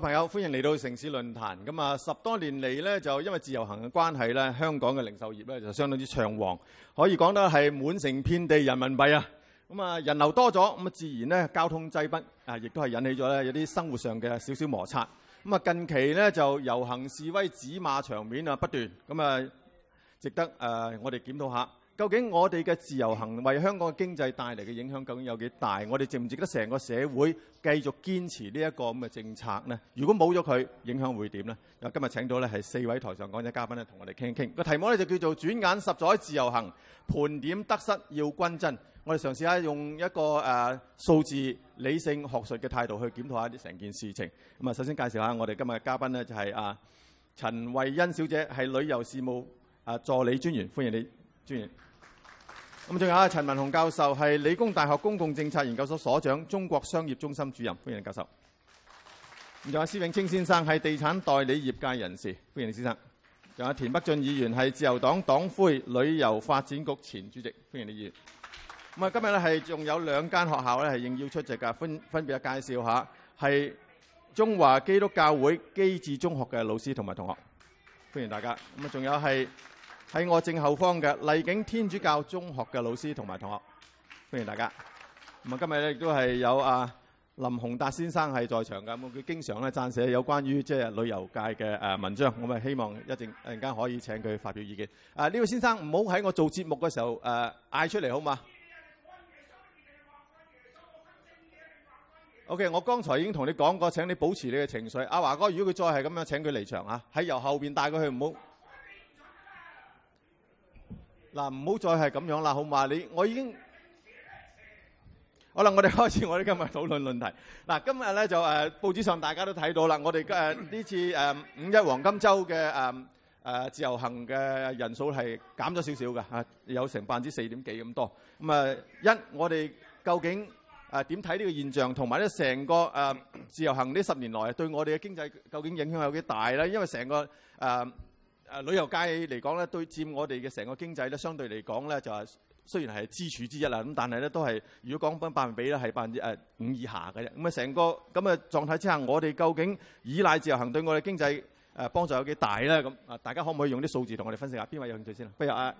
各位朋友，歡迎嚟到城市論壇。咁啊，十多年嚟呢，就因為自由行嘅關係呢，香港嘅零售業呢，就相當之暢旺，可以講得係滿城遍地人民幣啊。咁啊，人流多咗，咁啊自然呢，交通擠逼啊，亦都係引起咗呢，有啲生活上嘅少少摩擦。咁啊，近期呢，就遊行示威指罵場面啊不斷，咁啊值得誒我哋檢討下。究竟我哋嘅自由行為香港嘅經濟帶嚟嘅影響究竟有幾大？我哋值唔值得成個社會繼續堅持呢一個咁嘅政策呢？如果冇咗佢，影響會點呢？啊，今日請到咧係四位台上講者嘉賓咧，同我哋傾一傾。個題目咧就叫做《轉眼十載自由行盤點得失要均真》。我哋嘗試下用一個誒數字理性學術嘅態度去檢討下啲成件事情。咁啊，首先介紹下我哋今日嘅嘉賓呢，就係啊陳慧欣小姐，係旅遊事務啊助理專員，歡迎你專員。咁仲有啊，陳文鴻教授係理工大學公共政策研究所所長、中國商業中心主任，歡迎教授。仲有施永清先生係地產代理業界人士，歡迎你先生。仲有田北俊議員係自由黨黨魁，旅遊發展局前主席，歡迎你議員。咁啊，今日呢，係仲有兩間學校咧係應邀出席噶，分分別介紹下係中華基督教會基智中學嘅老師同埋同學，歡迎大家。咁啊，仲有係。喺我正後方嘅麗景天主教中學嘅老師同埋同學，歡迎大家。咁啊，今日咧亦都係有啊林洪達先生係在場嘅。咁佢經常咧撰寫有關於即係旅遊界嘅誒文章。我咪希望一陣陣間可以請佢發表意見。啊，呢位先生唔好喺我做節目嘅時候誒嗌出嚟好嗎？OK，我剛才已經同你講過，請你保持你嘅情緒。阿華哥，如果佢再係咁樣，請佢離場啊！喺由後邊帶佢去，唔好。嗱，唔好再係咁樣啦，好嘛？你我已經好啦，我哋開始我哋今日討論論題。嗱，今日咧就誒，報紙上大家都睇到啦，我哋誒呢次誒五一黃金週嘅誒誒自由行嘅人數係減咗少少嘅嚇，有成百分之四點幾咁多。咁誒，一我哋究竟誒點睇呢個現象，同埋咧成個誒自由行呢十年來對我哋嘅經濟究竟影響有幾大咧？因為成個誒。誒旅遊界嚟講咧，對佔我哋嘅成個經濟咧，相對嚟講咧，就係雖然係支柱之一啦，咁但係咧都係如果講翻百分比咧，係百分之誒五以下嘅啫。咁啊，成個咁嘅狀態之下，我哋究竟依賴自由行對我哋經濟誒幫助有幾大咧？咁啊，大家可唔可以用啲數字同我哋分析下？邊位有興趣先？不如阿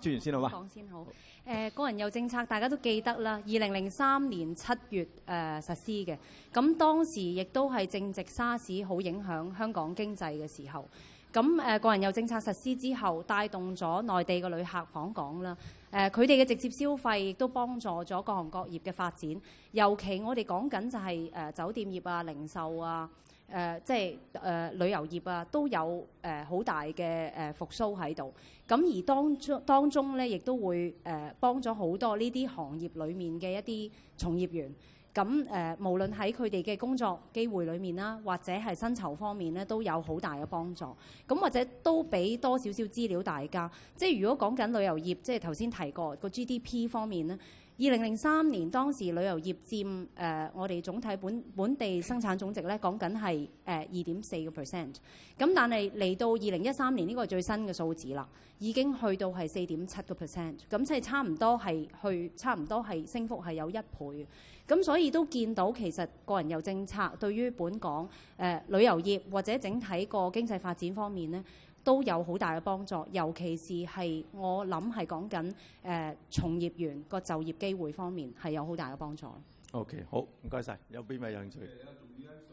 朱元先好，話講先好誒。個人遊政策大家都記得啦，二零零三年七月誒、呃、實施嘅，咁當時亦都係正值沙士好影響香港經濟嘅時候。咁、那、誒個人遊政策實施之後，帶動咗內地嘅旅客訪港啦。誒佢哋嘅直接消費亦都幫助咗各行各業嘅發展，尤其我哋講緊就係誒酒店業啊、零售啊、誒即係誒旅遊業啊，都有誒好、呃、大嘅誒復甦喺度。咁、呃、而當中當中咧，亦都會誒、呃、幫咗好多呢啲行業裡面嘅一啲從業員。咁，誒，呃，無論喺佢哋嘅工作機會裏面啦，或者係薪酬方面咧，都有好大嘅幫助。咁或者都俾多少少資料大家，即係如果講緊旅遊業，即係頭先提過個 GDP 方面咧。二零零三年當時旅遊業佔誒、呃、我哋總體本本地生產總值咧，講緊係誒二點四個 percent。咁但係嚟到二零一三年呢個最新嘅數字啦，已經去到係四點七個 percent。咁即係差唔多係去差唔多係升幅係有一倍。咁所以都見到其實個人遊政策對於本港誒、呃、旅遊業或者整體個經濟發展方面咧，都有好大嘅幫助，尤其是係我諗係講緊誒從業員個就業機會方面係有好大嘅幫助。OK，好，唔該晒。有邊位有興趣？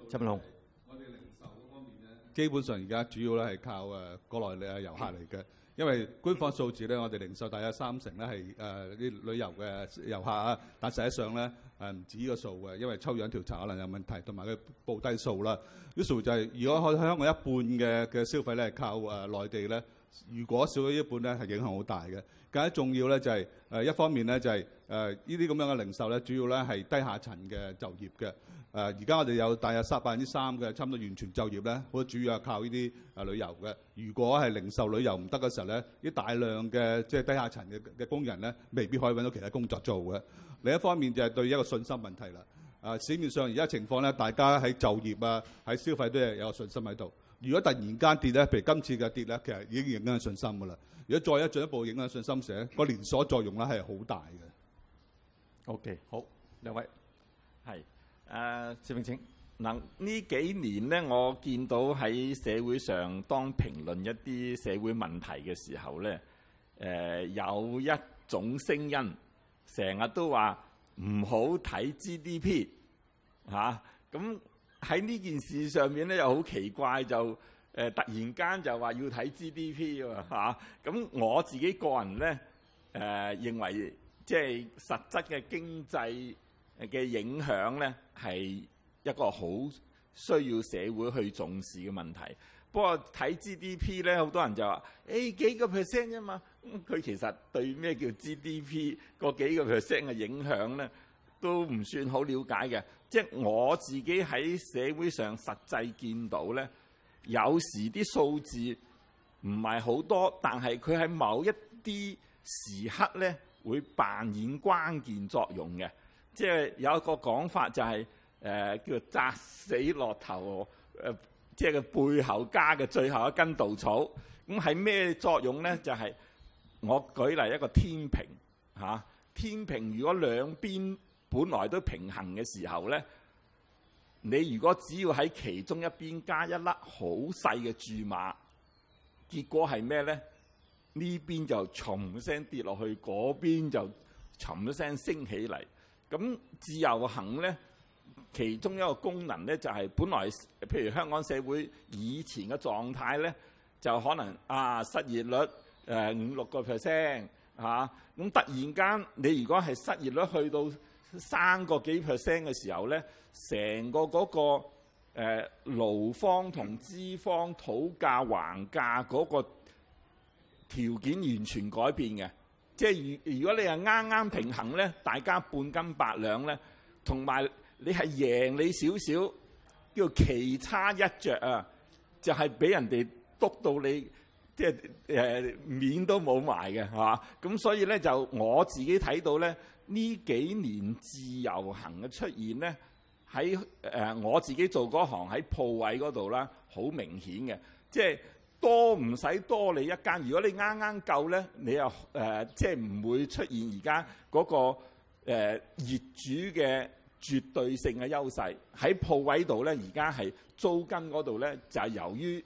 陳文鴻，我哋零售方面咧，基本上而家主要咧係靠誒國內嘅遊客嚟嘅。嗯因為官方數字咧，我哋零售大約三成咧係誒啲旅遊嘅遊客啊，但實際上咧係唔止呢個數嘅，因為抽樣調查可能有問題，同埋佢報低數啦。於是乎就係如果我香港一半嘅嘅消費咧係靠誒內、呃、地咧。如果少咗一半咧，係影響好大嘅。更加重要咧、就係，就係誒一方面咧、就係，就係誒呢啲咁樣嘅零售咧，主要咧係低下層嘅就業嘅。誒而家我哋有大約失百分之三嘅，差唔多完全就業咧，好主要係靠呢啲誒旅遊嘅。如果係零售旅遊唔得嘅時候咧，啲大量嘅即係低下層嘅嘅工人咧，未必可以揾到其他工作做嘅。另一方面就係對一個信心問題啦。誒、呃、市面上而家情況咧，大家喺就業啊，喺消費都係有個信心喺度。如果突然間跌咧，譬如今次嘅跌咧，其實已經影響信心噶啦。如果再一進一步影響信心時咧，那個連鎖作用咧係好大嘅。OK，好，兩位，係，誒、呃，市民請。嗱，呢幾年咧，我見到喺社會上當評論一啲社會問題嘅時候咧，誒、呃、有一種聲音，成日都話唔好睇 GDP 嚇、啊，咁。喺呢件事上面咧又好奇怪，就誒、呃、突然間就話要睇 GDP 喎、啊，嚇！咁我自己個人咧誒、呃、認為即係、就是、實質嘅經濟嘅影響咧，係一個好需要社會去重視嘅問題。不過睇 GDP 咧，好多人就話誒、欸、幾個 percent 啫嘛，佢、嗯、其實對咩叫 GDP 嗰幾個 percent 嘅影響咧，都唔算好了解嘅。即係我自己喺社會上實際見到咧，有時啲數字唔係好多，但係佢喺某一啲時刻咧會扮演關鍵作用嘅。即係有一個講法就係、是、誒、呃、叫做砸死落頭誒、呃，即係佢背後加嘅最後一根稻草。咁係咩作用咧？就係、是、我舉例一個天平嚇、啊，天平如果兩邊本來都平衡嘅時候咧，你如果只要喺其中一邊加一粒好細嘅注碼，結果係咩咧？呢邊就沉一聲跌落去，嗰邊就沉一聲升起嚟。咁自由行咧，其中一個功能咧就係、是、本來譬如香港社會以前嘅狀態咧，就可能啊失業率誒五六個 percent 吓咁。呃5，啊、突然間你如果係失業率去到，三個幾 percent 嘅時候咧，成個嗰、那個誒勞、呃、方同資方討價還價嗰個條件完全改變嘅。即係如如果你係啱啱平衡咧，大家半斤八兩咧，同埋你係贏你少少，叫棋差一著啊，就係、是、俾人哋督到你即係誒面都冇埋嘅，係嘛？咁所以咧就我自己睇到咧。呢幾年自由行嘅出現咧，喺誒、呃、我自己做嗰行喺鋪位嗰度啦，好明顯嘅，即係多唔使多你一間，如果你啱啱夠咧，你又誒、呃、即係唔會出現而家嗰個誒、呃、業主嘅絕對性嘅優勢喺鋪位度咧，而家係租金嗰度咧就係、是、由於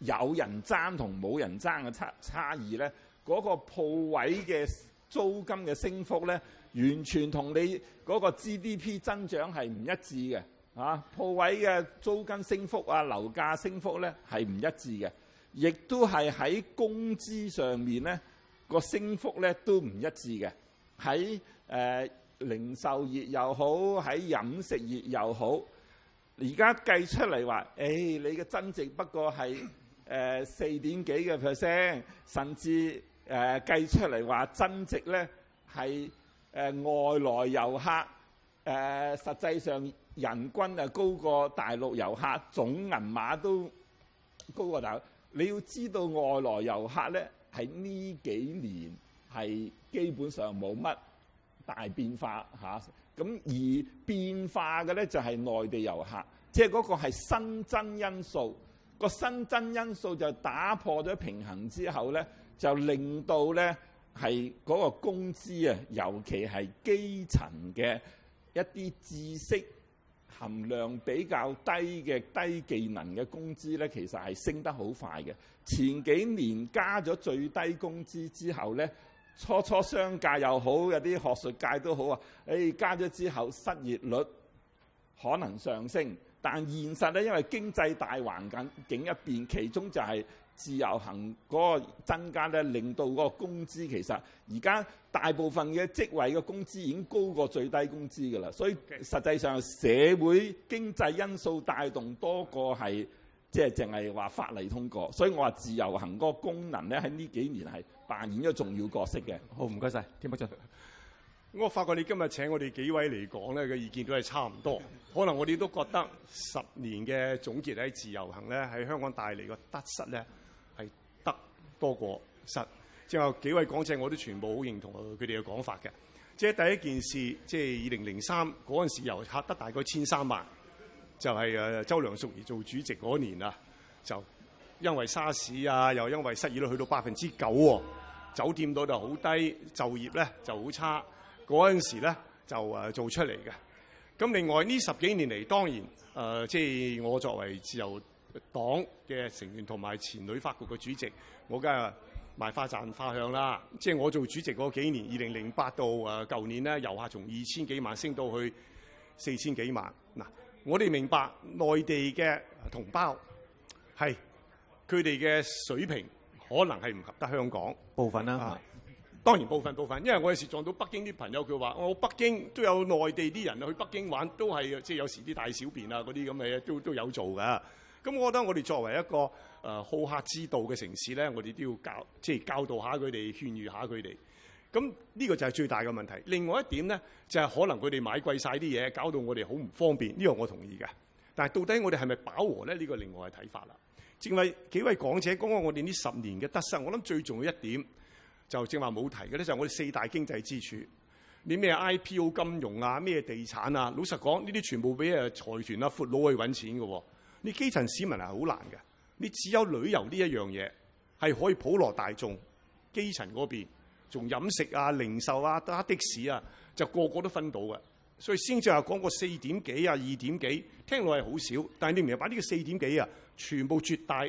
有人爭同冇人爭嘅差差異咧，嗰、那個鋪位嘅。租金嘅升幅呢，完全同你嗰個 GDP 增長係唔一致嘅，吓、啊。鋪位嘅租金升幅啊，樓價升幅呢，係唔一致嘅，亦都係喺工資上面呢個升幅呢，都唔一致嘅，喺誒、呃、零售業又好，喺飲食業又好，而家計出嚟話，誒、哎，你嘅增值不過係誒四點幾嘅 percent，甚至。誒、呃、計出嚟話增值咧係、呃、外來遊客誒、呃，實際上人均啊高過大陸遊客，總銀碼都高過大陸。你要知道外來遊客咧，喺呢幾年係基本上冇乜大變化嚇咁、啊、而變化嘅咧就係、係、內地遊客，即係嗰個係新增因素。個新增因素就打破咗平衡之後咧，就令到呢係嗰個工資啊，尤其係基層嘅一啲知識含量比較低嘅低技能嘅工資呢，其實係升得好快嘅。前幾年加咗最低工資之後呢，初初商界又好，有啲學術界都好啊、哎。加咗之後失業率可能上升，但現實呢，因為經濟大環境境一變，其中就係、是。自由行嗰個增加咧，令到嗰個工資，其實而家大部分嘅職位嘅工資已經高過最低工資㗎喇，所以實際上社會經濟因素帶動多過係即係淨係話法例通過，所以我話自由行嗰個功能咧喺呢幾年係扮演咗重要角色嘅。好，唔該晒，田北俊。我發覺你今日請我哋幾位嚟講咧嘅意見都係差唔多。 可能我哋都覺得十年嘅總結喺自由行咧喺香港帶嚟個得失咧，多過失，即係話幾位講者，我都全部好認同佢哋嘅講法嘅。即係第一件事，即係二零零三嗰陣時，遊客得大概千三萬，就係、是、誒、啊、周梁淑怡做主席嗰年啊，就因為沙士啊，又因為失業率去到百分之九喎，酒店度就好低，就業咧就好差，嗰陣時咧就誒、啊、做出嚟嘅。咁另外呢十幾年嚟，當然誒即係我作為自由。黨嘅成員同埋前旅發局嘅主席，我梗係賣花讚花香啦。即係我做主席嗰幾年，二零零八到誒舊年咧，遊客從二千幾萬升到去四千幾萬。嗱，我哋明白內地嘅同胞係佢哋嘅水平可能係唔及得香港部分啦、啊啊。當然部分部分，因為我有時撞到北京啲朋友，佢話我北京都有內地啲人去北京玩，都係即係有時啲大小便啊嗰啲咁嘅嘢都都有做㗎。咁我覺得我哋作為一個誒好客之道嘅城市咧，我哋都要教即係教導下佢哋，勸喻下佢哋。咁呢個就係最大嘅問題。另外一點咧，就係可能佢哋買貴晒啲嘢，搞到我哋好唔方便。呢個我同意嘅。但係到底我哋係咪飽和咧？呢個另外嘅睇法啦。正話幾位講者講講我哋呢十年嘅得失，我諗最重要一點就正話冇提嘅咧，就係我哋四大經濟支柱，你咩 IPO 金融啊，咩地產啊，老實講呢啲全部俾誒財團啊、闊佬去揾錢嘅喎。你基層市民係好難嘅，你只有旅遊呢一樣嘢係可以普羅大眾，基層嗰邊仲飲食啊、零售啊、打的士啊，就個個都分到嘅。所以先至話講個四點幾啊、二點幾，聽落係好少。但係你明白呢個四點幾啊，全部絕大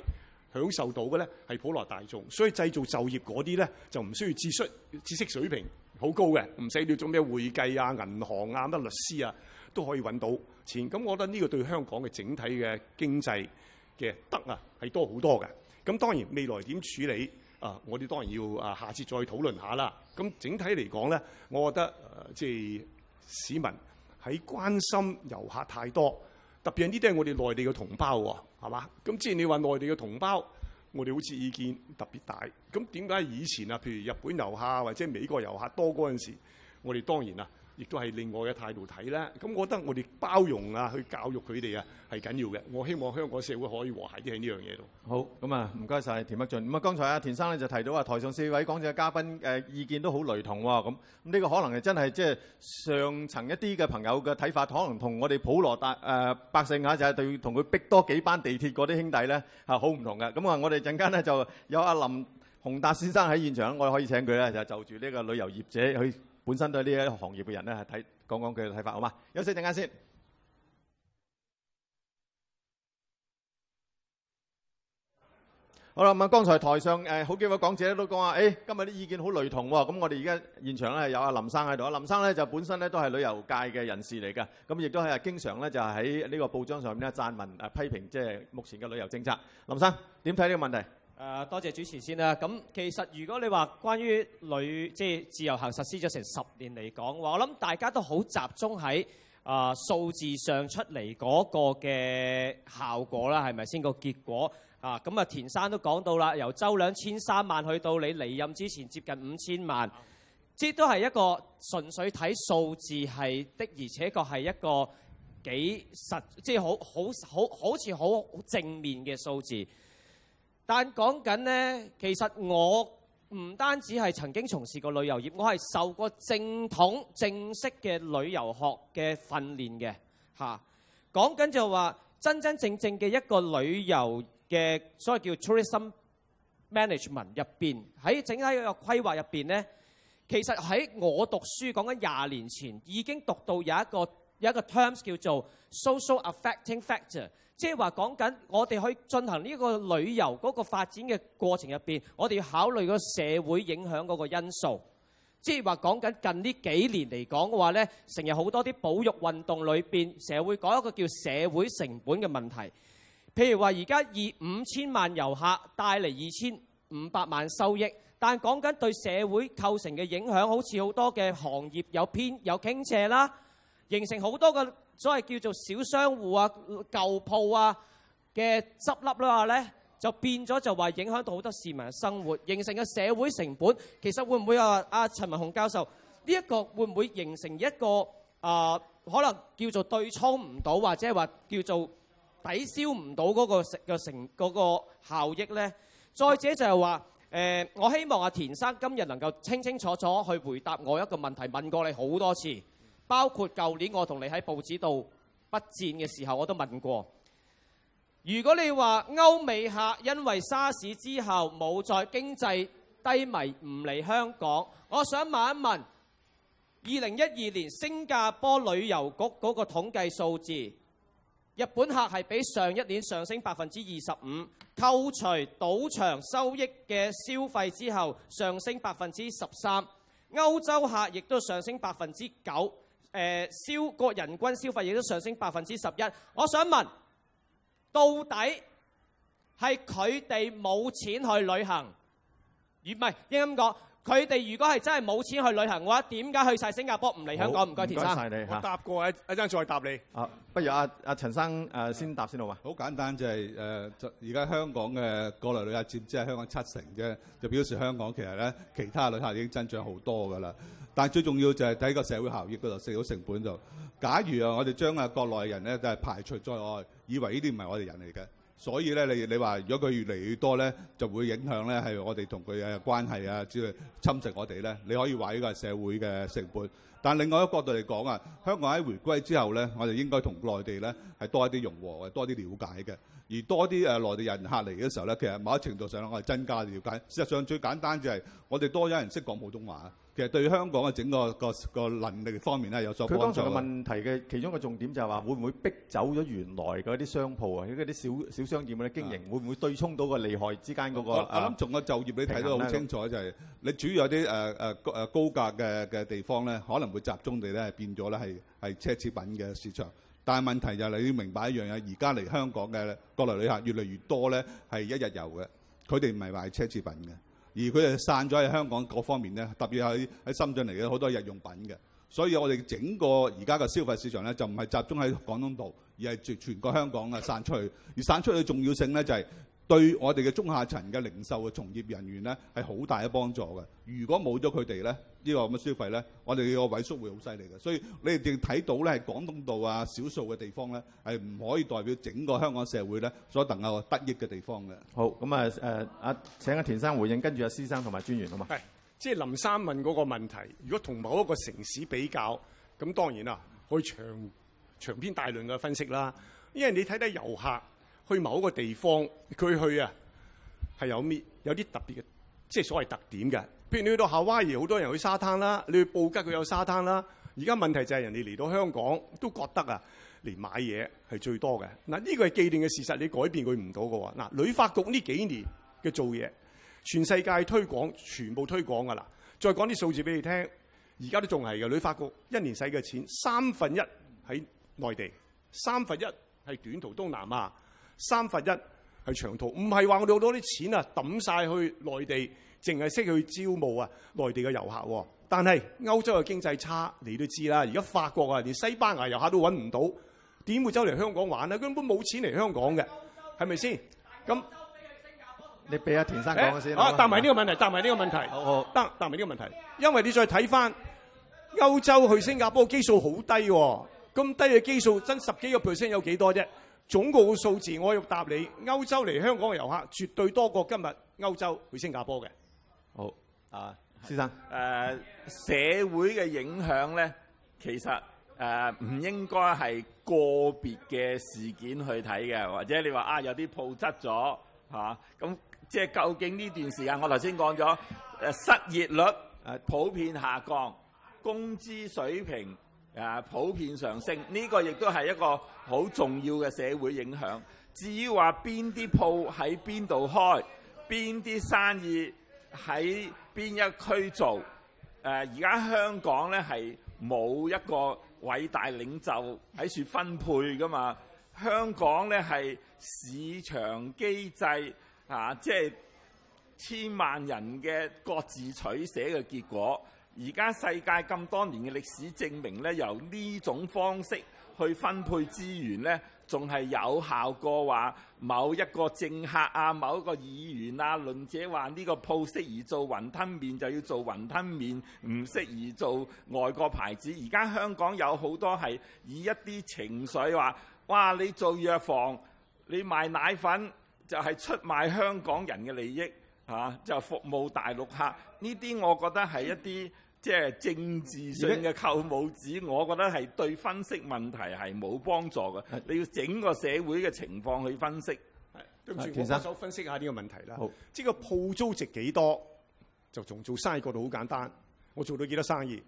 享受到嘅咧係普羅大眾，所以製造就業嗰啲咧就唔需要知識知識水平好高嘅，唔使你做咩會計啊、銀行啊、乜律師啊。都可以揾到錢，咁我覺得呢個對香港嘅整體嘅經濟嘅得啊，係多好多嘅。咁當然未來點處理啊，我哋當然要啊下次再討論下啦。咁整體嚟講咧，我覺得即係、啊即係、市民喺關心遊客太多，特別係呢啲係我哋內地嘅同胞喎、啊，係嘛？咁即係你話內地嘅同胞，我哋好似意見特別大。咁點解以前啊，譬如日本遊客或者美國遊客多嗰陣時，我哋當然啊。亦都係另外嘅態度睇啦，咁我覺得我哋包容啊，去教育佢哋啊，係緊要嘅。我希望香港社會可以和諧啲喺呢樣嘢度。好，咁啊唔該晒田北俊。咁啊，剛才啊田生咧就提到話，台上四位講者嘅嘉賓嘅、呃、意見都好雷同喎、哦。咁咁呢個可能係真係即係上層一啲嘅朋友嘅睇法，可能同我哋普羅大誒、呃、百姓嚇就係、是、對同佢逼多幾班地鐵嗰啲兄弟咧係好唔同嘅。咁啊，我哋陣間咧就有阿林洪達先生喺現場，我哋可以請佢咧就就住呢個旅遊業者去。本身對呢一行業嘅人咧，睇講講佢嘅睇法好嘛？休息陣間先。好啦，咁啊，剛才台上誒好幾位講者都講話，誒今日啲意見好雷同喎。咁我哋而家現場咧有阿林生喺度，阿林生咧就本身咧都係旅遊界嘅人士嚟㗎，咁亦都係經常咧就喺呢個報章上面咧撰文誒批評即係目前嘅旅遊政策。林生點睇呢個問題？誒多謝主持先啦。咁其實如果你話關於旅，即係自由行實施咗成十年嚟講話我諗大家都好集中喺啊數字上出嚟嗰個嘅效果啦，係咪先個結果啊？咁啊田生都講到啦，由周兩千三萬去到你離任之前接近五千萬，即係都係一個純粹睇數字係的，而且確係一個幾實即係好好好好似好好正面嘅數字。但講緊呢，其實我唔單止係曾經從事過旅遊業，我係受過正統正式嘅旅遊學嘅訓練嘅嚇。講緊就話、是、真真正正嘅一個旅遊嘅，所謂叫 tourism management 入邊，喺整體一個規劃入邊呢。其實喺我讀書講緊廿年前已經讀到有一個有一個 terms 叫做 social affecting factor。即係話講緊，我哋去進行呢個旅遊嗰個發展嘅過程入邊，我哋要考慮個社會影響嗰個因素。即係話講緊近呢幾年嚟講嘅話呢，成日好多啲保育運動裏邊，成日會講一個叫社會成本嘅問題。譬如話而家以五千萬遊客帶嚟二千五百萬收益，但係講緊對社會構成嘅影響，好似好多嘅行業有偏有傾斜啦，形成好多個。所以叫做小商戶啊、舊鋪啊嘅執笠啦，話咧，就變咗就話影響到好多市民嘅生活，形成嘅社會成本，其實會唔會啊？阿陳文雄教授呢一、這個會唔會形成一個啊、呃？可能叫做對沖唔到，或者係話叫做抵消唔到嗰個成嘅成嗰效益咧？再者就係話誒，我希望阿田生今日能夠清清楚楚去回答我一個問題，問過你好多次。包括舊年我同你喺報紙度筆戰嘅時候，我都問過。如果你話歐美客因為沙士之後冇再經濟低迷唔嚟香港，我想問一問：二零一二年新加坡旅遊局嗰個統計數字，日本客係比上一年上升百分之二十五，扣除賭場收益嘅消費之後上升百分之十三，歐洲客亦都上升百分之九。誒消國人均消費亦都上升百分之十一，我想問到底係佢哋冇錢去旅行，而唔係應該咁講？佢哋如果係真係冇錢去旅行嘅話，點解去晒新加坡唔嚟香港？唔該，田生。唔該曬你，我答過，一、啊、陣再答你。啊，不如阿、啊、阿、啊、陳生誒、啊啊、先答先好嘛？好吧，好簡單就係、是、誒，而、呃、家香港嘅過來旅客佔止係香港七成啫，就表示香港其實咧其他旅客已經增長好多㗎啦。但係最重要就係喺個社會效益嗰度食到成本度。假如啊，我哋將啊國內人咧就係排除在外，以為呢啲唔係我哋人嚟嘅，所以咧你你話如果佢越嚟越多咧，就會影響咧係我哋同佢嘅關係啊之類，侵蝕我哋咧。你可以話呢個係社會嘅成本。但另外一個角度嚟講啊，香港喺回歸之後咧，我哋應該同內地咧係多一啲融合，多啲了解嘅。而多啲誒內地人客嚟嘅時候咧，其實某一程度上我係增加了解。事實際上最簡單就係我哋多咗人識講普通話啊，其實對香港嘅整個個個,個能力方面咧有作佢當場嘅問題嘅其中嘅重點就係話，會唔會逼走咗原來嗰啲商鋪啊？依家啲小小商店嘅經營，會唔會對沖到個利害之間嗰、那個？我諗從就業你睇得好清楚、就是，就係你主要有啲誒誒誒高價嘅嘅地方咧，可能。唔會集中地咧變咗咧係係奢侈品嘅市場，但係問題就係、是，你要明白一樣嘢，而家嚟香港嘅國內旅客越嚟越多咧，係一日遊嘅，佢哋唔係話奢侈品嘅，而佢哋散咗喺香港各方面咧，特別喺喺深圳嚟嘅好多日用品嘅，所以我哋整個而家嘅消費市場咧就唔係集中喺廣東道，而係全個香港嘅散出去，而散出去重要性咧就係、是。對我哋嘅中下層嘅零售嘅從業人員咧，係好大嘅幫助嘅。如果冇咗佢哋咧，這個、這呢個咁嘅消費咧，我哋嘅萎縮會好犀利嘅。所以你哋睇到咧，廣東道啊，少數嘅地方咧，係唔可以代表整個香港社會咧所能夠得益嘅地方嘅。好，咁啊誒，阿、呃、請阿田生回應，跟住阿施生同埋專員好嘛？係，即、就、係、是、林生問嗰個問題，如果同某一個城市比較，咁當然啦，可以長長篇大論嘅分析啦。因為你睇睇遊客。去某一個地方，佢去啊，係有咩有啲特別嘅，即係所謂特點嘅。譬如你去到夏威夷，好多人去沙灘啦；你去布吉，佢有沙灘啦。而家問題就係人哋嚟到香港都覺得啊，嚟買嘢係最多嘅嗱。呢個係既定嘅事實，你改變佢唔到嘅喎嗱。旅發局呢幾年嘅做嘢，全世界推廣，全部推廣㗎啦。再講啲數字俾你聽，而家都仲係嘅。旅發局一年使嘅錢，三分一喺內地，三分一係短途東南亞。三分一係長途，唔係話我哋攞多啲錢啊抌晒去內地，淨係識去招募啊內地嘅遊客。但係歐洲嘅經濟差，你都知啦。而家法國啊，連西班牙遊客都揾唔到，點會走嚟香港玩咧？根本冇錢嚟香港嘅，係咪先？咁你俾阿田生講先。啊，答埋呢個問題，答埋呢個問題。好好，得答埋呢個問題。因為你再睇翻歐洲去新加坡嘅基數好低喎，咁低嘅基數真十幾個 percent 有幾多啫？總共嘅數字，我要答你，歐洲嚟香港嘅遊客絕對多過今日歐洲去新加坡嘅。好，啊，先生，誒社會嘅影響咧，其實誒唔應該係個別嘅事件去睇嘅，或者你話啊有啲鋪執咗嚇，咁即係究竟呢段時間，我頭先講咗誒失業率誒普遍下降，工資水平。啊、普遍上升呢，這個亦都係一個好重要嘅社會影響。至於話邊啲鋪喺邊度開，邊啲生意喺邊一區做？誒、啊，而家香港呢係冇一個偉大領袖喺處分配噶嘛。香港呢係市場機制啊，即係千萬人嘅各自取捨嘅結果。而家世界咁多年嘅歷史證明呢，由呢種方式去分配資源呢，仲係有效過話某一個政客啊、某一個議員啊、論者話呢個鋪適宜做雲吞麵就要做雲吞麵，唔適宜做外國牌子。而家香港有好多係以一啲情緒話：「哇！你做藥房，你賣奶粉就係出賣香港人嘅利益，嚇就服務大陸客。呢啲我覺得係一啲。即係政治上嘅扣帽子，我覺得係對分析問題係冇幫助嘅。你要整個社會嘅情況去分析。跟住，我想分析下呢個問題啦。即係、呢個鋪租值幾多，就從做生意角度好簡單。我做到幾多生意，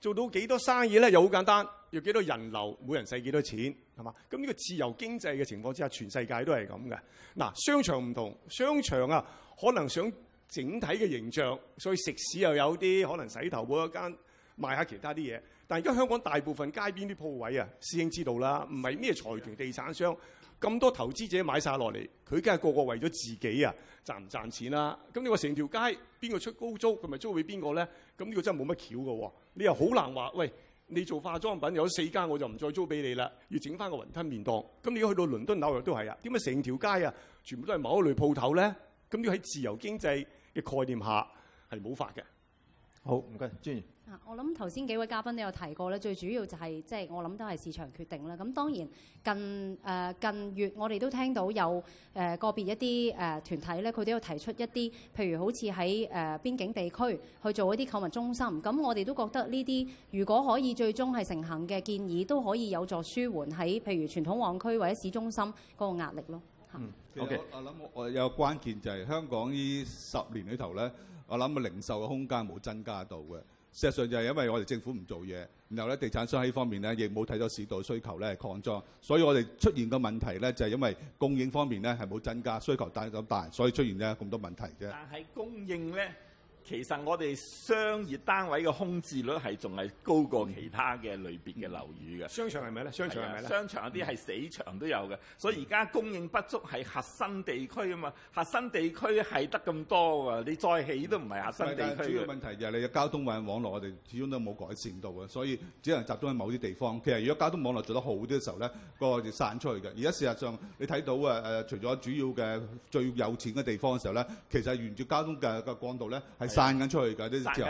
做到幾多生意咧，又好簡單。要幾多人流，每人使幾多錢，係嘛？咁呢個自由經濟嘅情況之下，全世界都係咁嘅。嗱，商場唔同，商場啊，可能想。整體嘅形象，所以食肆又有啲可能洗頭嗰間賣下其他啲嘢。但而家香港大部分街邊啲鋪位啊，師兄知道啦，唔係咩財團地產商咁多投資者買晒落嚟，佢梗係個個為咗自己啊賺唔賺錢啦、啊？咁你話成條街邊個出高租，佢咪租俾邊個咧？咁呢個真係冇乜巧㗎喎。你又好難話，喂，你做化妝品有咗四間，我就唔再租俾你啦，要整翻個雲吞麵檔。咁你如果去到倫敦紐約都係啊，點解成條街啊全部都係某一類鋪頭咧？咁要喺自由經濟。嘅概念下係冇法嘅。好，唔該，專員。啊，我諗頭先幾位嘉賓都有提過咧，最主要就係即係我諗都係市場決定啦。咁當然近誒、呃、近月，我哋都聽到有誒、呃、個別一啲誒團體咧，佢都有提出一啲，譬如好似喺誒邊境地區去做一啲購物中心。咁我哋都覺得呢啲如果可以最終係成行嘅建議都可以有助舒緩喺譬如傳統旺區或者市中心嗰個壓力咯。嗯、其實我、okay. 我諗我有個關鍵就係、是、香港呢十年裏頭咧，我諗個零售嘅空間冇增加到嘅。事實上就係因為我哋政府唔做嘢，然後咧地產商喺呢方面咧亦冇睇到市道需求咧擴張，所以我哋出現個問題咧就係、是、因為供應方面咧係冇增加，需求大咁大，所以出現咧咁多問題啫。但係供應咧？其實我哋商業單位嘅空置率係仲係高過其他嘅類別嘅樓宇嘅。商場係咪咧？商場係咪咧？商場有啲係死場都有嘅，所以而家供應不足係核心地區啊嘛。核心地區係得咁多㗎，你再起都唔係核心地區。主要問題就係你嘅交通或者網絡，我哋始終都冇改善到嘅，所以只能集中喺某啲地方。其實如果交通網絡做得好啲嘅時候咧，嗰個就散出去嘅。而家事實上你睇到啊，誒、呃，除咗主要嘅最有錢嘅地方嘅時候咧，其實沿住交通嘅嘅幹道咧係。散緊出去㗎，啲自由行嗰啲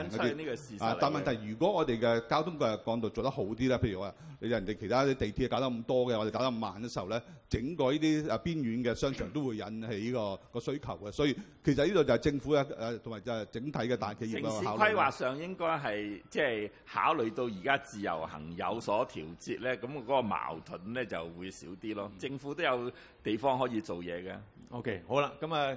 啊事實，但問題如果我哋嘅交通嘅角度做得好啲啦，譬如話，你人哋其他啲地鐵搞得咁多嘅，我哋搞得咁慢嘅時候咧，整個呢啲啊邊遠嘅商場都會引起呢個需求嘅，所以其實呢度就係政府一誒同埋就係整體嘅大企業嘅。城市規劃上應該係即係考慮到而家自由行有所調節咧，咁嗰個矛盾咧就會少啲咯、嗯。政府都有地方可以做嘢嘅。OK，好啦，咁啊。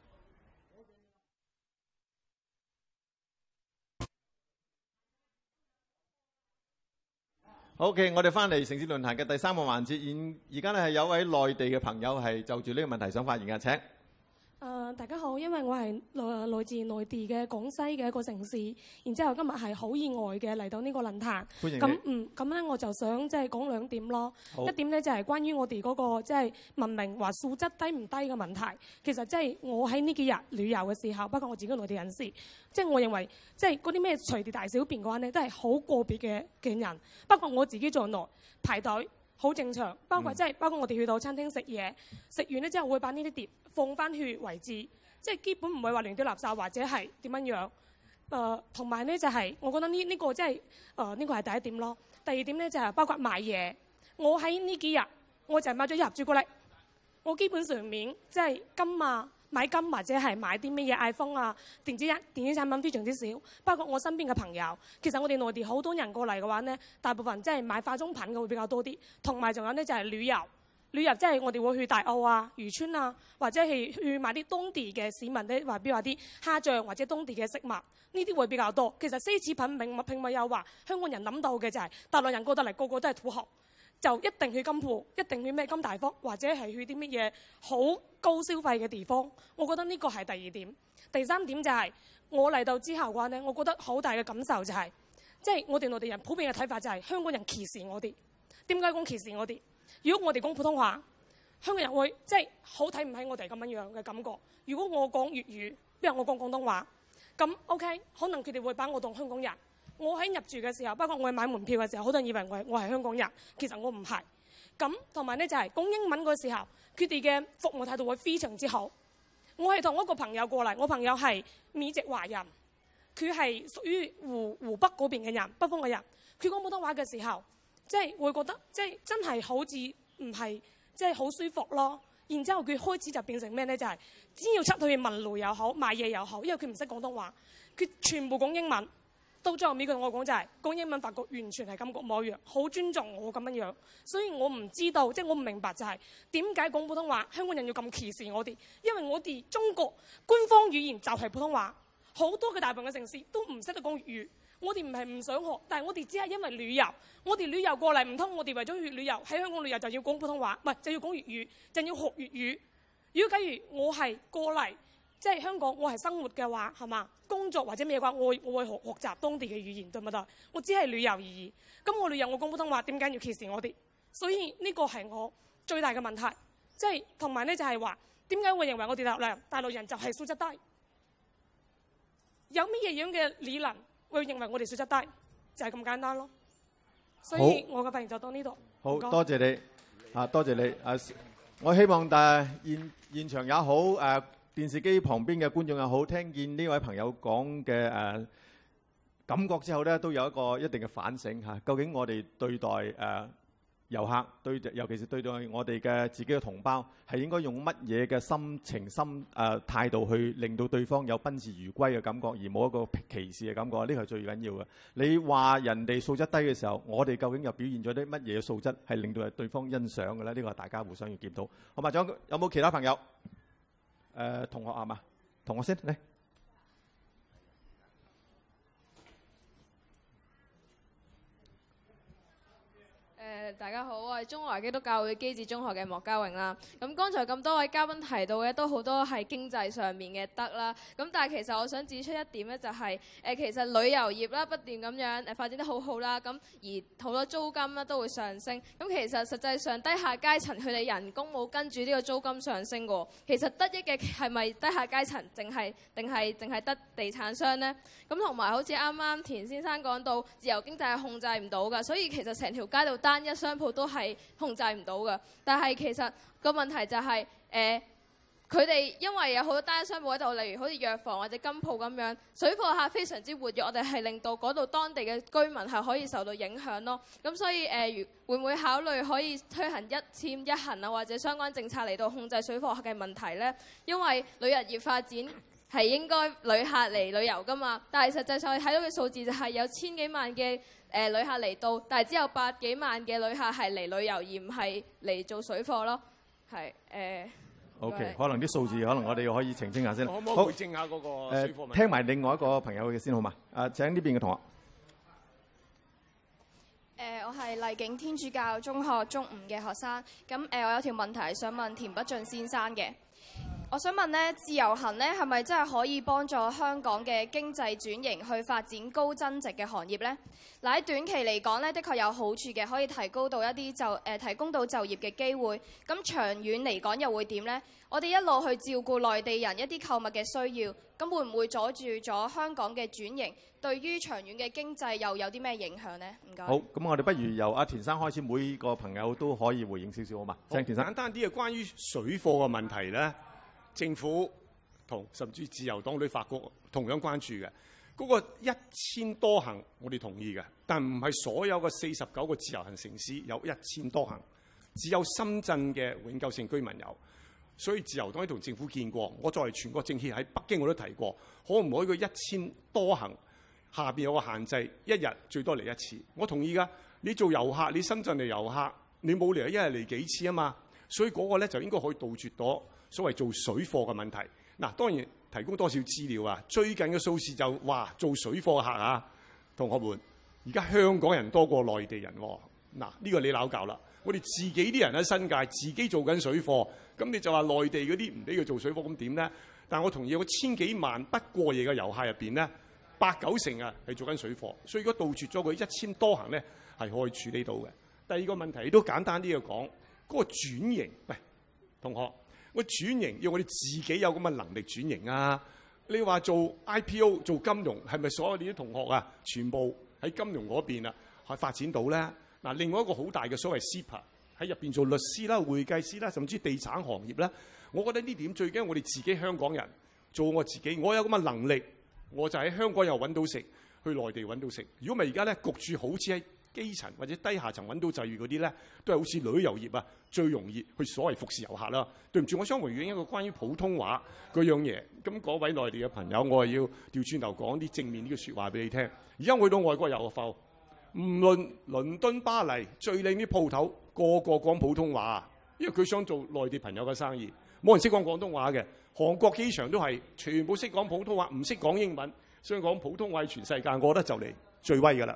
好嘅，我哋回嚟城市論壇嘅第三個環節，現而家係有位內地嘅朋友係就住呢個問題想發言嘅，請。呃、大家好，因為我係來自內地嘅廣西嘅一個城市，然之後今日係好意外嘅嚟到呢個論壇。歡迎你。那嗯，那我就想即係講兩點咯。一點就係關於我哋嗰個即係文明話素質低唔低嘅問題。其實即係我喺呢幾日旅遊嘅時候，包括我自己內地人士，即係我認為即係嗰啲咩隨地大小便嘅話呢都係好個別嘅人。包括我自己在內排隊好正常，包括即係包括我哋去到餐廳食嘢，食完咧之後會把呢啲碟放翻去位置，即係基本唔會話亂丟垃圾或者係點樣樣。誒、呃，同埋咧就係我覺得呢呢個即係誒呢個係第一點咯。第二點咧就係包括買嘢，我喺呢幾日我就係買咗一盒朱古力，我基本上面即係金馬。買金或者係買啲咩嘢 iPhone 啊，電子產品非常之少。包括我身邊嘅朋友，其實我哋內地好多人過嚟嘅話咧，大部分即係買化妝品嘅會比較多啲，同埋仲有咧就係旅遊，旅遊即係我哋會去大澳啊、漁村啊，或者係去買啲當地嘅市民咧，比如話啲蝦醬或者當地嘅食物，呢啲會比較多。其實奢侈品並唔係又話，香港人諗到嘅就係大陸人過得嚟個個都係土豪。就一定去金鋪，一定去咩金大福，或者係去啲乜嘢好高消費嘅地方。我覺得呢個係第二點。第三點就係、是、我嚟到之後嘅話咧，我覺得好大嘅感受就係即係我哋內地人普遍嘅睇法，就係香港人歧視我哋。點解講歧視我哋？如果我哋講普通話，香港人會即係好睇唔起我哋咁樣樣嘅感覺，如果我講粵語，譬如我講廣東話，咁 OK，可能佢哋會把我當香港人。我喺入住嘅時候，包括我喺買門票嘅時候，好多人以為我係我係香港人，其實我唔係。咁同埋咧就係講英文嘅時候，佢哋嘅服務態度會非常之好。我係同一個朋友過嚟，我朋友係美籍華人，佢係屬於湖湖北嗰邊嘅人，北方嘅人。佢講普通話嘅時候，即係會覺得即係真係好似唔係即係好舒服咯。然之後佢開始就變成咩咧？就係只要出去問路又好，買嘢又好，因為佢唔識廣東話，佢全部講英文。到最後尾，佢同我講就係講英文發覺完全係感覺冇一樣，好尊重我咁樣，所以我唔知道，即係我唔明白就係點解講普通話香港人要咁歧視我哋？因為我哋中國官方語言就係普通話，好多嘅大部分嘅城市都唔識得講粵語，我哋唔係唔想學，但係我哋只係因為旅遊，我哋旅遊過嚟唔通我哋為咗去旅遊喺香港旅遊就要講普通話，唔係就要講粵語，就要學粵語。如果假如我係過嚟。即係香港，我係生活嘅話，係嘛？工作或者咩嘅話，我我會學我會學習當地嘅語言，對唔對？我只係旅遊而已。咁我旅遊我講普通話，點解要歧視我哋？所以呢個係我最大嘅問題。即係同埋咧，就係話點解會認為我哋大陸人、大陸人就係素質低？有咩樣嘅理論會認為我哋素質低？就係、是、咁簡單咯。所以我嘅發言就到呢度。好，謝謝好多謝你，啊多謝你。啊，我希望誒、啊、現現場也好誒。啊電視機旁邊嘅觀眾又好，聽見呢位朋友講嘅誒感覺之後呢，都有一個一定嘅反省嚇、啊。究竟我哋對待誒遊、呃、客，對尤其是對待我哋嘅自己嘅同胞，係應該用乜嘢嘅心情、心誒態、呃、度去令到對方有賓至如歸嘅感覺，而冇一個歧視嘅感覺，呢個係最緊要嘅。你話人哋素質低嘅時候，我哋究竟又表現咗啲乜嘢素質，係令到對方欣賞嘅呢？呢、這個係大家互相要見到。好，埋仲有冇其他朋友？誒、uh, 同學係、啊、嘛？同學先嚟。中華基督教會基智中學嘅莫嘉榮啦，咁剛才咁多位嘉賓提到嘅都好多係經濟上面嘅得啦。咁但係其實我想指出一點咧、就是，就係誒其實旅遊業啦不斷咁樣誒發展得好好啦，咁而好多租金咧都會上升。咁其實實際上低下階層佢哋人工冇跟住呢個租金上升喎。其實得益嘅係咪低下階層，淨係定係淨係得地產商呢？咁同埋好似啱啱田先生講到，自由經濟係控制唔到㗎，所以其實成條街道單一商鋪都係。控制唔到㗎，但係其實個問題就係、是，誒佢哋因為有好多單一商鋪喺度，例如好似藥房或者金鋪咁樣，水貨客非常之活躍，我哋係令到嗰度當地嘅居民係可以受到影響咯。咁所以誒、呃，會唔會考慮可以推行一簽一行啊，或者相關政策嚟到控制水貨客嘅問題呢？因為旅遊業發展係應該旅客嚟旅遊㗎嘛，但係實際上睇到嘅數字就係有千幾萬嘅。誒、呃、旅客嚟到，但係只有百幾萬嘅旅客係嚟旅遊而唔係嚟做水貨咯。係誒。呃、o、okay, K，、呃、可能啲數字可能我哋可以澄清下先。可唔可以回證下嗰個水貨問題？好，誒，聽埋另外一個朋友嘅先好嘛。啊、呃，請呢邊嘅同學。誒、呃，我係麗景天主教中學中五嘅學生。咁誒、呃，我有條問題想問田北俊先生嘅。我想問呢，自由行呢係咪真係可以幫助香港嘅經濟轉型，去發展高增值嘅行業呢？嗱，喺短期嚟講呢的確有好處嘅，可以提高到一啲就誒、呃、提供到就業嘅機會。咁長遠嚟講又會點呢？我哋一路去照顧內地人一啲購物嘅需要，咁會唔會阻住咗香港嘅轉型？對於長遠嘅經濟又有啲咩影響呢？唔該。好，咁我哋不如由阿田生開始，每個朋友都可以回應少少好嘛？好，田生簡單啲啊，關於水貨嘅問題呢。政府同甚至自由黨對法國同樣關注嘅嗰、那個一千多行，我哋同意嘅，但唔係所有嘅四十九個自由行城市有一千多行，只有深圳嘅永久性居民有。所以自由黨喺同政府見過，我作為全國政協喺北京我都提過，可唔可以個一千多行下邊有個限制，一日最多嚟一次？我同意噶，你做遊客，你深圳嚟遊客，你冇理由一日嚟幾次啊嘛？所以嗰個咧就應該可以杜絕到。所謂做水貨嘅問題，嗱，當然提供多少資料啊？最近嘅數字就話、是、做水貨客啊，同學們，而家香港人多過內地人喎。嗱、啊、呢、這個你撈教啦，我哋自己啲人喺新界自己做緊水貨，咁你就話內地嗰啲唔俾佢做水貨咁點咧？但我同意，有千幾萬不過夜嘅遊客入邊咧，八九成啊係做緊水貨，所以如果杜絕咗佢一千多行咧，係可以處理到嘅。第二個問題都簡單啲嘅講，嗰、那個轉型，喂、哎、同學。我轉型要我哋自己有咁嘅能力轉型啊！你話做 IPO 做金融係咪所有啲同學啊，全部喺金融嗰邊啊，係發展到咧？嗱，另外一個好大嘅所謂 CEPA 喺入邊做律師啦、會計師啦，甚至地產行業咧。我覺得呢點最驚我哋自己香港人做我自己，我有咁嘅能力，我就喺香港又揾到食，去內地揾到食。如果咪而家咧，焗住好似喺～基層或者低下層揾到際遇嗰啲咧，都係好似旅遊業啊，最容易去所謂服侍遊客啦。對唔住，我想回應一個關於普通話嗰樣嘢。咁嗰位內地嘅朋友，我係要調轉頭講啲正面啲嘅説話俾你聽。而家去到外國遊埠，唔論倫敦、巴黎，最靚啲鋪頭個個講普通話，因為佢想做內地朋友嘅生意，冇人識講廣東話嘅。韓國機場都係全部識講普通話，唔識講英文，所以講普通話係全世界，我覺得就嚟最威㗎喇。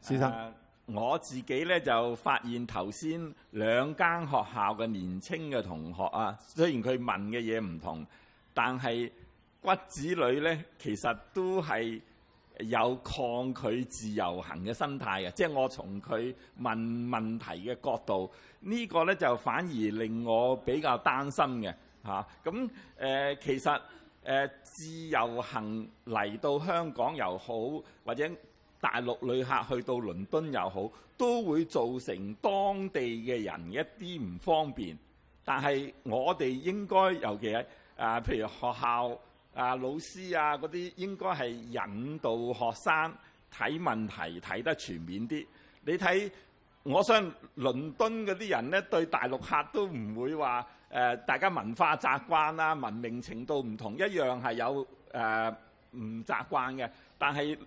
先、啊、生，我自己咧就發現頭先兩間學校嘅年青嘅同學啊，雖然佢問嘅嘢唔同，但係骨子裏咧其實都係有抗拒自由行嘅心態嘅。即、就、係、是、我從佢問問題嘅角度，這個、呢個咧就反而令我比較擔心嘅嚇。咁、啊、誒、呃、其實誒、呃、自由行嚟到香港又好或者。大陸旅客去到倫敦又好，都會造成當地嘅人一啲唔方便。但係我哋應該尤其係啊、呃，譬如學校啊、呃，老師啊嗰啲，應該係引導學生睇問題睇得全面啲。你睇，我想倫敦嗰啲人呢，對大陸客都唔會話誒、呃，大家文化習慣啊、文明程度唔同一樣係有誒唔習慣嘅，但係。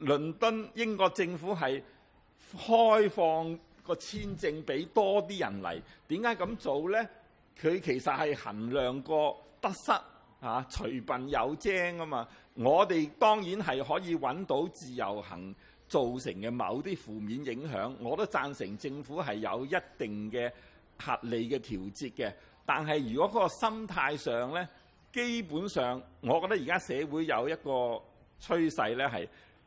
倫敦英國政府係開放個簽證俾多啲人嚟，點解咁做咧？佢其實，係衡量個得失啊，除笨有精啊嘛。我哋當然係可以揾到自由行造成嘅某啲負面影響，我都贊成政府係有一定嘅合理嘅調節嘅。但係如果嗰個心態上咧，基本上我覺得而家社會有一個趨勢咧係。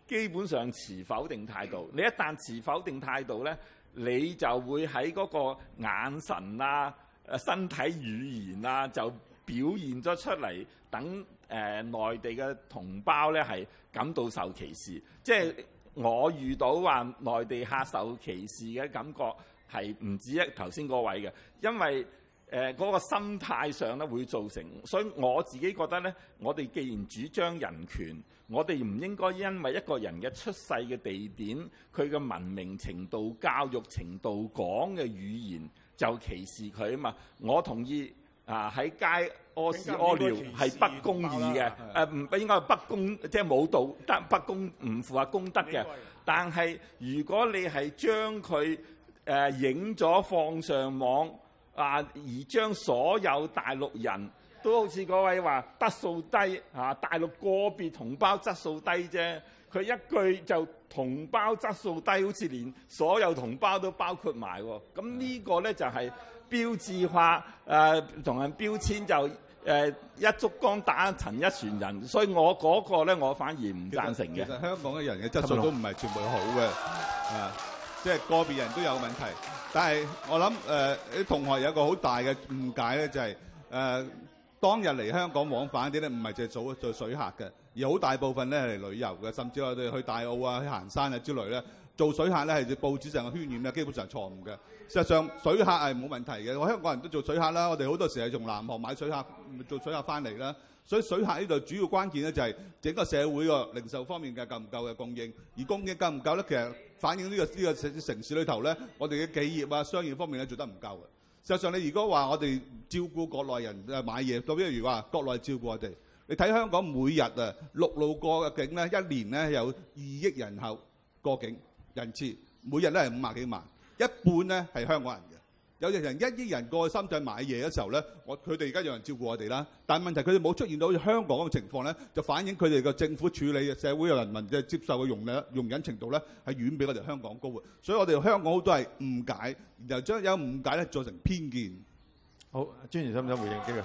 基本上持否定態度，你一旦持否定態度咧，你就會喺嗰個眼神啊，誒身體語言啊，就表現咗出嚟，等誒內地嘅同胞咧係感到受歧視，即係我遇到話內地客受歧視嘅感覺，係唔止一頭先嗰位嘅，因為誒嗰個心態上咧會造成，所以我自己覺得咧，我哋既然主張人權。我哋唔應該因為一個人嘅出世嘅地點，佢嘅文明程度、教育程度、講嘅語言就歧視佢啊嘛！我同意啊，喺街屙屎屙尿係不公義嘅，誒唔、啊、應該係不公，即係冇道德、不公唔符合公德嘅。但係如果你係將佢誒、呃、影咗放上網啊、呃，而將所有大陸人，都好似嗰位話質素低、啊、大陸個別同胞質素低啫。佢一句就同胞質素低，好似連所有同胞都包括埋喎、哦。咁呢個咧就係、是、標誌化、呃、同人標籤就、呃、一竹竿打沉一船人。所以我嗰個咧，我反而唔贊成嘅。其實香港嘅人嘅質素都唔係全部好嘅，啊，即、就、係、是、個別人都有問題。但係我諗啲、呃、同學有一個好大嘅誤解咧、就是，就、呃、係當日嚟香港往返啲咧，唔係就係做做水客嘅，而好大部分咧係嚟旅遊嘅，甚至我哋去大澳啊、去行山啊之類咧，做水客咧係報紙上嘅渲染咧，基本上係錯誤嘅。事實際上，水客係冇問題嘅，我香港人都做水客啦。我哋好多時係從南韓買水客，做水客翻嚟啦。所以水客呢度主要關鍵咧就係整個社會個零售方面嘅夠唔夠嘅供應，而供應夠唔夠咧，其實反映呢、這個呢、這個這個城市裏頭咧，我哋嘅企業啊、商業方面咧做得唔夠嘅。實際上，你如果話我哋照顧國內人誒買嘢，咁倒不如話國內照顧我哋，你睇香港每日啊陸路過嘅境咧，一年咧有二億人口過境人次，每日咧係五百幾萬，一半咧係香港人。有隻人一億人過去深圳買嘢嘅時候咧，我佢哋而家有人照顧我哋啦。但係問題佢哋冇出現到好似香港咁嘅情況咧，就反映佢哋嘅政府處理嘅社會嘅人民嘅接受嘅容量容忍程度咧，係遠比我哋香港高嘅。所以我哋香港好多係誤解，然後將有誤解咧做成偏見。好，專員想唔想回應呢個？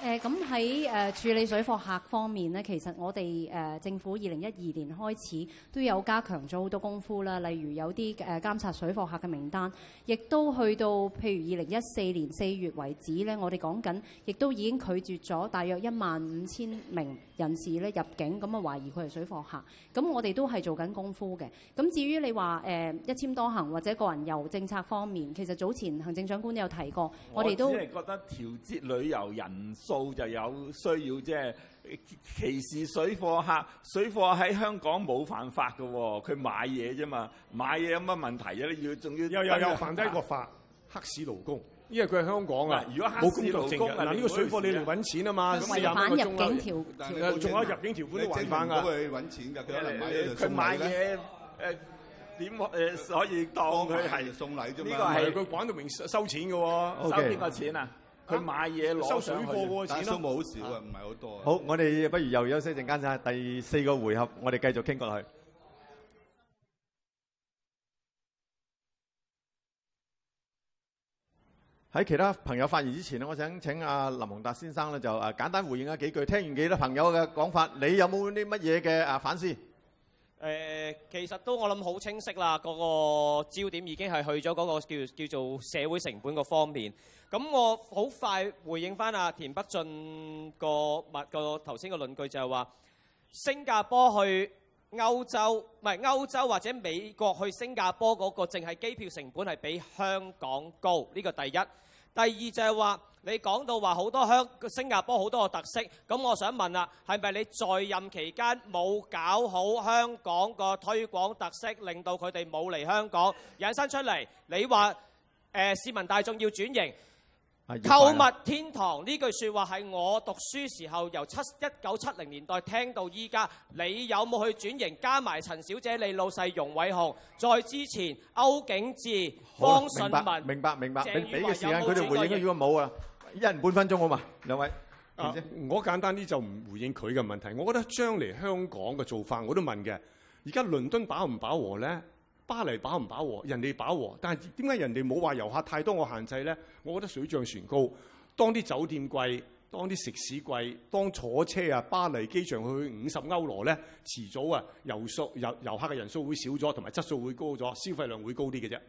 誒咁喺誒處理水貨客方面咧，其實我哋誒、呃、政府二零一二年開始都有加強咗好多功夫啦。例如有啲誒、呃、監察水貨客嘅名單，亦都去到譬如二零一四年四月為止咧，我哋講緊亦都已經拒絕咗大約一萬五千名人士咧入境，咁啊懷疑佢係水貨客。咁我哋都係做緊功夫嘅。咁至於你話誒、呃、一簽多行或者個人遊政策方面，其實早前行政長官都有提過，我哋都覺得調節旅遊人數就有需要，即係歧視水貨客。水貨喺香港冇犯法噶、哦，佢買嘢啫嘛，買嘢有乜問題啊？你要仲要又又又犯低個法，黑市勞工，因為佢係香港啊如果黑沒如果黑沒啊，冇工勞工啊。嗱呢個水貨你嚟揾錢啊嘛，咁入入境條，仲有、啊啊、入境條款都違反噶。佢揾錢㗎，佢可能買嘢佢、啊、買嘢誒點誒可以當佢係送禮啫嘛？佢講到明收錢噶喎、哦，Okay, 收邊個錢啊？佢買嘢攞上嚟，但係數目好少啊，唔係好多。好，我哋不如又休息陣間先，第四個回合，我哋繼續傾過落去。喺其他朋友發言之前咧，我想請阿林宏達先生咧就誒簡單回應下幾句。聽完幾多朋友嘅講法，你有冇啲乜嘢嘅誒反思？誒，其實都我諗好清晰啦，嗰個焦點已經係去咗嗰個叫叫做社會成本個方面。咁我好快回應翻阿田北俊個物個頭先個論據就係話，新加坡去歐洲唔係歐洲或者美國去新加坡嗰個，淨係機票成本係比香港高，呢個第一。第二就係話，你講到話好多香新加坡好多個特色，咁我想問啦、啊，係咪你在任期間冇搞好香港個推廣特色，令到佢哋冇嚟香港，引申出嚟，你話、呃、市民大眾要轉型？購物天堂呢句説話係我讀書時候由七一九七零年代聽到依家，你有冇去轉型？加埋陳小姐、你老細、容偉雄，再之前歐景志、方信文、明白，明白，明白。俾嘅時間佢哋回應如果冇啊，一人半分鐘好嘛？兩位，呃、我簡單啲就唔回應佢嘅問題。我覺得將嚟香港嘅做法我都問嘅。而家倫敦飽唔飽和咧？巴黎飽唔飽和？人哋飽和，但係點解人哋冇話遊客太多？我限制呢，我覺得水漲船高。當啲酒店貴，當啲食肆貴，當坐車啊，巴黎機場去五十歐羅呢，遲早啊遊數遊遊客嘅人數會少咗，同埋質素會高咗，消費量會高啲嘅啫。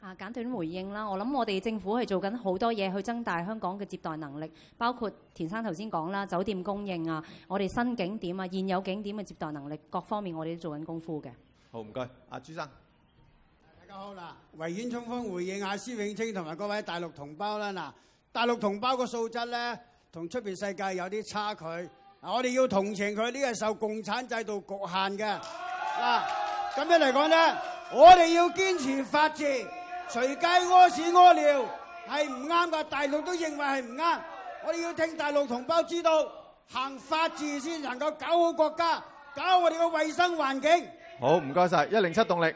啊，簡短回應啦。我諗我哋政府係做緊好多嘢去增大香港嘅接待能力，包括田生頭先講啦，酒店供應啊，我哋新景點啊，現有景點嘅接待能力各方面，我哋都做緊功夫嘅。好，唔該，阿、啊、朱生。好啦，維園充分回應阿施永清同埋各位大陸同胞啦。嗱，大陸同胞個素質咧，同出邊世界有啲差距。嗱，我哋要同情佢，呢個係受共產制度局限嘅。嗱，咁樣嚟講咧，我哋要堅持法治，隨街屙屎屙尿係唔啱噶，大陸都認為係唔啱。我哋要聽大陸同胞知道，行法治先能夠搞好國家，搞好我哋個衛生環境。好，唔該晒，一零七動力。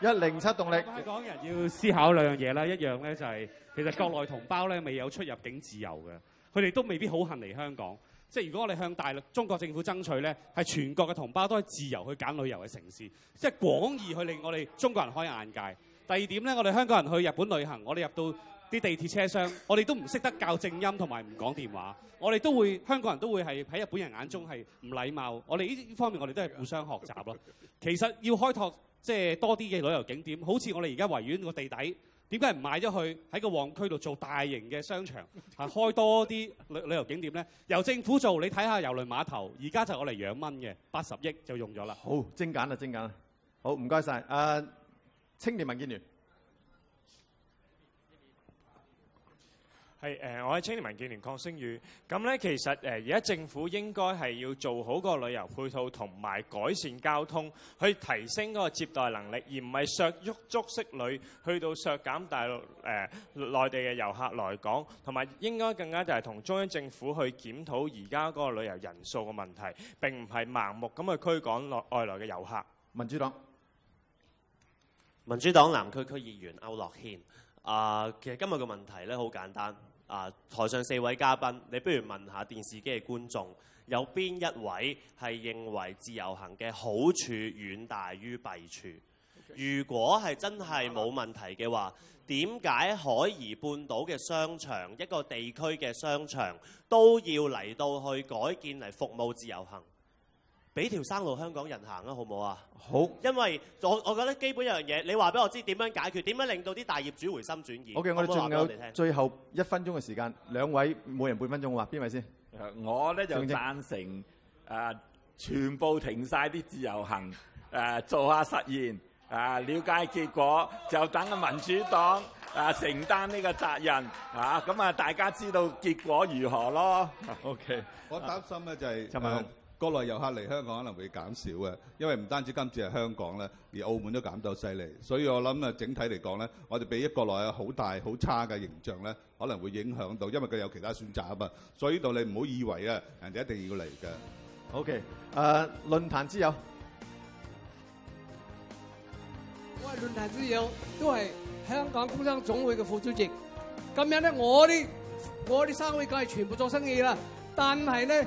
一零七動力，香港人要思考兩樣嘢啦。一樣咧就係、是，其實國內同胞咧未有出入境自由嘅，佢哋都未必好恨嚟香港。即係如果我哋向大陸中國政府爭取咧，係全國嘅同胞都可以自由去揀旅遊嘅城市，即係廣義去令我哋中國人開眼界。第二點咧，我哋香港人去日本旅行，我哋入到啲地鐵車廂，我哋都唔識得教靜音同埋唔講電話，我哋都會香港人都會係喺日本人眼中係唔禮貌。我哋呢方面，我哋都係互相學習咯。其實要開拓。即係多啲嘅旅遊景點，好似我哋而家維園個地底，點解唔買咗去喺個旺區度做大型嘅商場，開多啲旅旅遊景點咧？由政府做，你睇下郵輪碼頭，而家就係我嚟養蚊嘅八十億就用咗啦。好精簡啦，精簡啦、啊啊。好唔該晒，誒、uh, 青年民建聯。係誒、呃，我係青年民建聯郭星宇。咁咧，其實誒而家政府應該係要做好個旅遊配套同埋改善交通，去提升嗰個接待能力，而唔係削喐、足適履去到削減大陸、呃、內地嘅遊客來港。同埋應該更加就係同中央政府去檢討而家嗰個旅遊人數嘅問題，並唔係盲目咁去驅趕外外來嘅遊客。民主黨，民主黨南區區議員區諾軒。啊、呃，其實今日嘅問題咧好簡單。啊！台上四位嘉賓，你不如問下電視機嘅觀眾，有邊一位係認為自由行嘅好處遠大於弊處？Okay. 如果係真係冇問題嘅話，點解海怡半島嘅商場、一個地區嘅商場都要嚟到去改建嚟服務自由行？俾條生路香港人行啦，好唔好啊？好，因為我我覺得基本一樣嘢，你話俾我知點樣解決，點樣令到啲大業主回心轉意。OK，好好，我哋仲有最後一分鐘嘅時間，兩位每人半分鐘喎，邊位先？我咧就贊成誒、呃，全部停晒啲自由行，誒、呃、做下實驗，誒、呃、瞭解結果，就等個民主黨誒、呃、承擔呢個責任嚇，咁啊、呃、大家知道結果如何咯。OK，我擔心咧就係陳文鴻。啊國內遊客嚟香港可能會減少嘅，因為唔單止今次係香港咧，而澳門都減到犀利，所以我諗啊，整體嚟講咧，我哋俾一國內有好大好差嘅形象咧，可能會影響到，因為佢有其他選擇啊嘛。所以呢度你唔好以為啊，人哋一定要嚟㗎。OK，誒、uh，論壇之友，我係論壇之友，都係香港工商總會嘅副主席。今日咧，我啲我啲生意梗係全部做生意啦，但係咧。